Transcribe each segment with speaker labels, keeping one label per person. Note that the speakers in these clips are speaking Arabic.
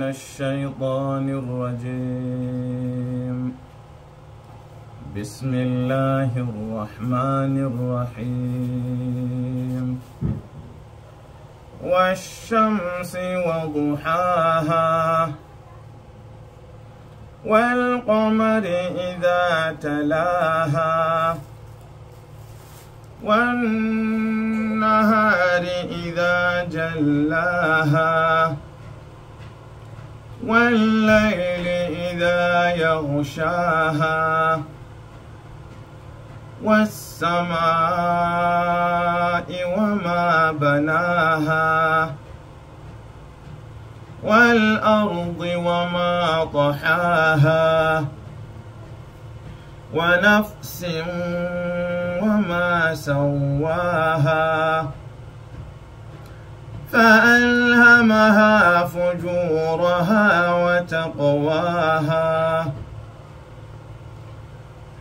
Speaker 1: من الشيطان الرجيم بسم الله الرحمن الرحيم والشمس وضحاها والقمر إذا تلاها والنهار إذا جلاها والليل إذا يغشاها والسماء وما بناها والأرض وما طحاها ونفس وما سواها فألهمها فجورها وتقواها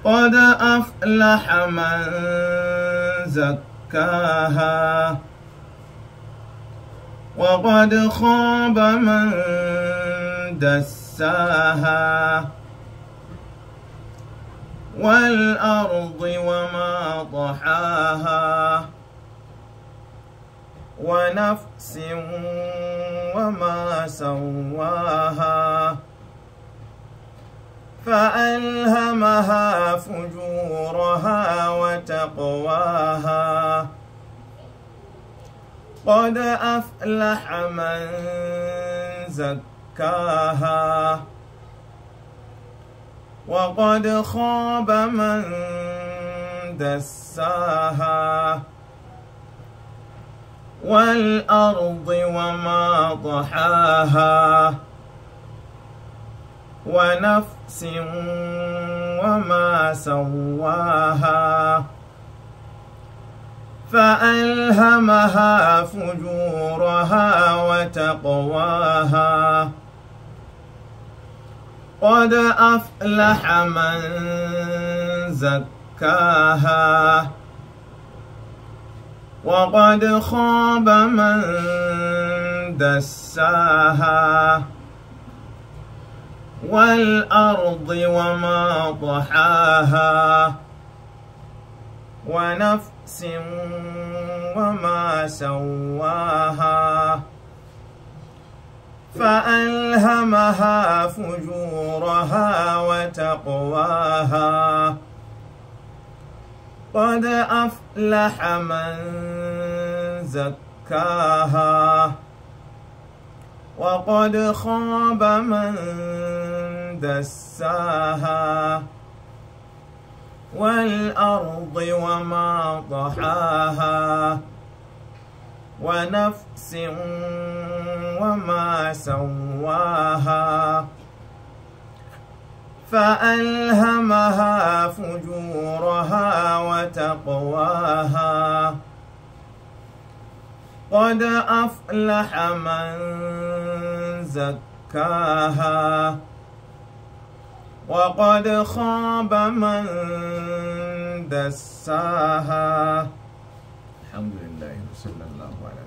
Speaker 1: قد أفلح من زكاها وقد خاب من دساها والأرض وما طحاها ونفس وما سواها فألهمها فجورها وتقواها قد أفلح من زكاها وقد خاب من دساها والأرض وما طحاها ونفس وما سواها فألهمها فجورها وتقواها قد أفلح من زكاها وقد خاب من دساها والأرض وما طحاها ونفس وما سواها فألهمها فجورها وتقواها قد أفلح من زكاها وقد خاب من دساها والأرض وما طحاها ونفس وما سواها فألهمها فجورها تقواها قد أفلح من زكاها وقد خاب من دساها الحمد لله وصلى الله على